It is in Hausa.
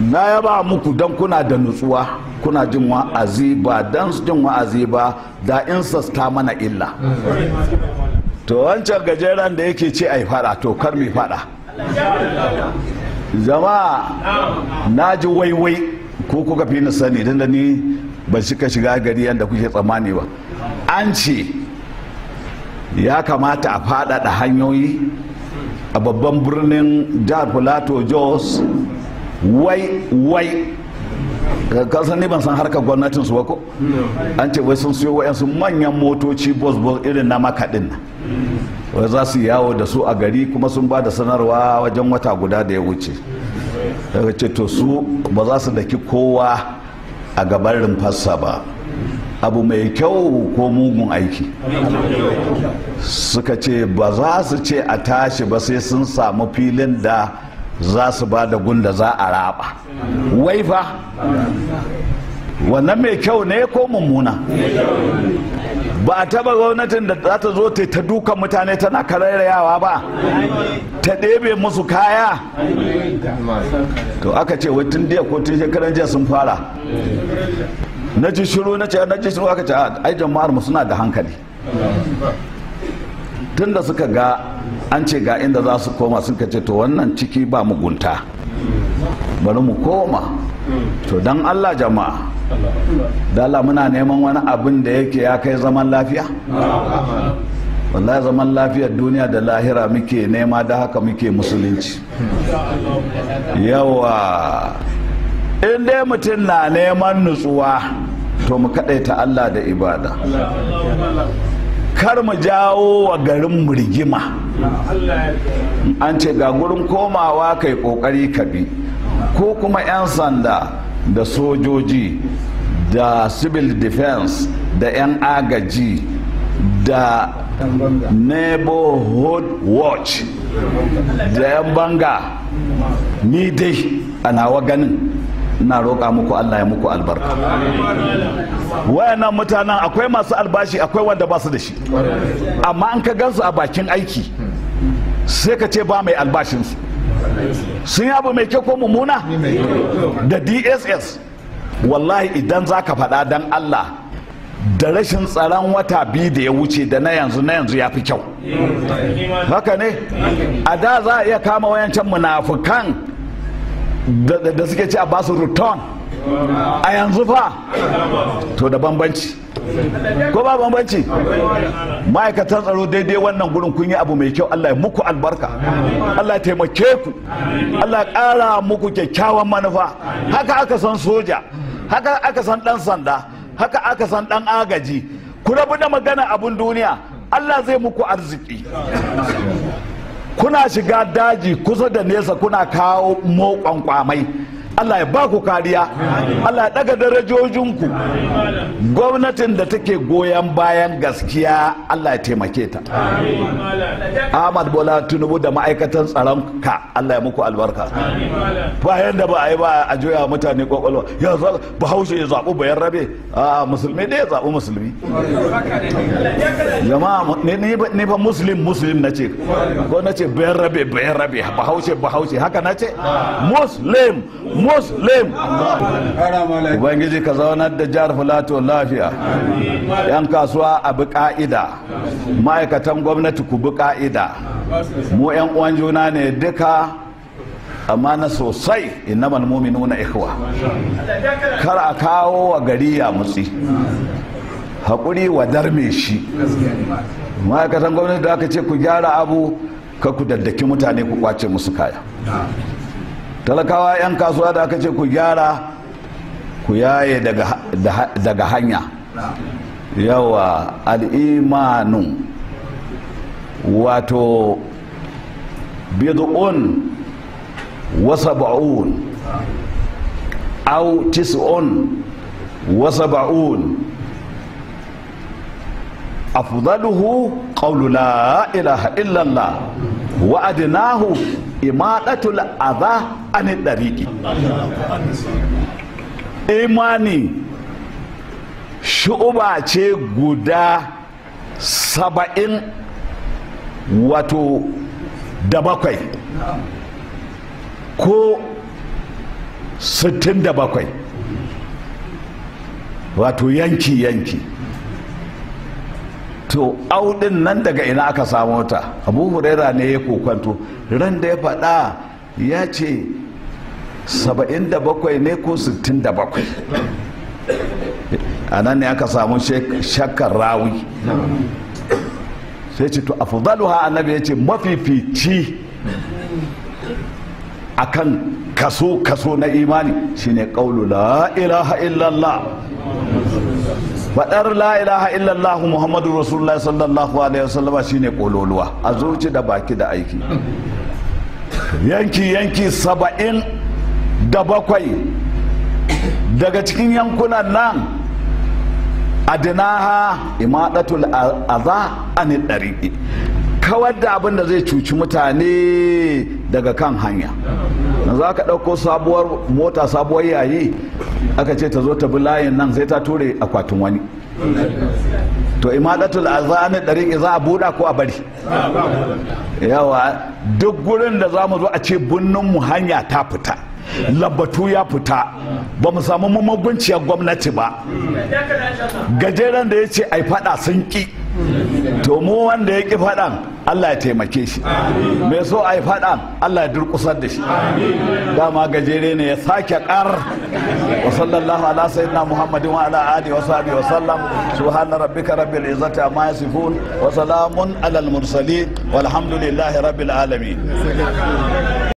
na ya ba muku don kuna da nutsuwa kuna jin wa'azi ba don jin wa'azi ba da in sasta mana illa to wancan gajeren da yake ce a yi fada to kar mai fada Zama na ji waiwai ko kuka fi ni sani don da ni ba shika shiga gari yadda kuke tsammani ba an ce ya kamata a fada da hanyoyi a babban birnin jihar plateau jos wai wai kasan ne ban san harkar gwamnatin su ko an ce wai sun siyo wayansu manyan motoci bus bus irin na makaɗin na wai za su yawo da su a gari kuma sun ba da sanarwa wajen wata guda da ya wuce daga ce to su ba za su daki kowa a gaban rumfarsa ba abu mai kyau ko mugun aiki suka ce ba za su ce a tashi ba sai sun samu filin da za su ba da gunda za a raba wai fa wannan mai kyau ne ko mummuna ba a taba gwamnatin da za ta zo ta duka mutane tana karairayawa ba ta ɗebe musu kaya to aka ce wai tun ko tun shekaran jiya sun fara na ji shiru na ce na ji shiru aka ce ah, ai jama'ar mu suna da hankali tun da suka ga an ce ga inda za su koma suka ce to wannan ciki ba mugunta bari mu koma to dan Allah jama'a dala muna neman wani abin da yake ya kai zaman lafiya wallahi zaman lafiyar duniya da lahira muke nema da haka muke musulunci yawa in dai mutum na neman nutsuwa to mu ta Allah da ibada kar mu jawo wa garin rigima an ce ga gurin komawa kai ƙoƙari ka bi ko kuma 'yan sanda da sojoji da civil defense da 'yan agaji da neighborhood watch da 'yan banga ni dai a nawa ganin ina roƙa muku Allah ya muku albarka wayannan mutanen akwai masu albashi akwai wanda ba su da shi amma an ka gansu a bakin aiki sai ka ce ba mai albashinsu sun abu mai kyau ko mummuna da dss wallahi idan za ka faɗa don Allah da rashin tsaron wata biyu da ya wuce da na yanzu na yanzu ya fi kyau haka ne a da za a iya kama wayancan munafukan da suke ci a basu return a yanzu fa to da bambanci ko ba bambanci ma'aikatan tsaro daidai wannan gurin kun yi abu mai kyau Allah ya muku albarka Allah ya taimake ku Allah ya ƙara muku kyakkyawan manufa haka aka san soja haka aka san dan sanda haka aka san dan agaji ku rabu da magana abun duniya Allah zai muku arziki kuna shiga daji kusa da nesa kuna kawo mokon kwamai Allah ya ba ku kariya Allah ya daga darajojinku gwamnatin da take goyon bayan gaskiya Allah ya taimake ta Ahmad Bola Tinubu da ma'aikatan tsaron ka Allah ya muku albarka bayan da ba a yi ba a juya mutane kwakwalwa ya bahaushe ya zaɓi bayan rabe a musulmi ne ya zaɓi musulmi jama'a ne ba muslim musulmi na ce ko na ce bayan rabe bayan rabe bahaushe bahaushe haka na ce muslim muslim ubangiji ka zaunar da jihar filato lafiya yan kasuwa a bi ka'ida ma'aikatan gwamnati ku bi ka'ida mu yan uwan juna ne duka amana sosai innamal mu'minuna ikhwa kar a kawo wa gari ya mutsi haƙuri wa darme shi ma'aikatan gwamnati da aka ce ku gyara abu ka ku daddaki mutane ku kwace musu kaya talakawa 'yan kasuwa da aka ce ku gyara ku yaye daga hanya yawa al'imanu wato bid'un wasaba'un au tis'un wasaba'un afdaluhu qawlu la ilaha illallah wa'adnahu imadatul adha an dariki imani shu'uba ce guda saba'in wato da bakwai ko sittin da bakwai wato yanki yanki to audin nan daga ina aka samu ta abu huraira ne ya kokwanto ran da ya faɗa ya ce 77 ne ko 67 a nan ne aka samu shakkar rawi sai ce to afdaluha annabi ya ce mafifici akan kaso kaso na imani shine kaulu la ilaha illallah faɗar la ilaha illallah muhammadu rasulullah sallallahu alaihi wasallama shine kololuwa a zuci da baki da aiki yanki yanki saba'in da bakwai daga cikin yankunan nan adinaha imadatul aza anil kawar da abin da zai cuci mutane daga kan hanya na za ka ɗauko sabuwar mota sabuwar yayi aka ce ta zo ta bi layin nan zai ta ture akwatin wani to imadatul azani ɗari za a buɗa ko a bari yawa duk gurin da za mu zo a ce mu hanya ta fita labbatu ya fita ba mu samu mamagunciyar gwamnati ba gajeren da ya ce ai fada sun ki to mu wanda ya ƙi faɗan Allah ya taimake shi mai so a yi faɗan Allah ya durƙusar da shi dama gajere ne ya sake ƙar wa sallallahu ala sayyidina muhammadin wa ala alihi wa sahbihi wa sallam subhana rabbika rabbil izzati amma yasifun wa salamun alal mursalin walhamdulillahi rabbil alamin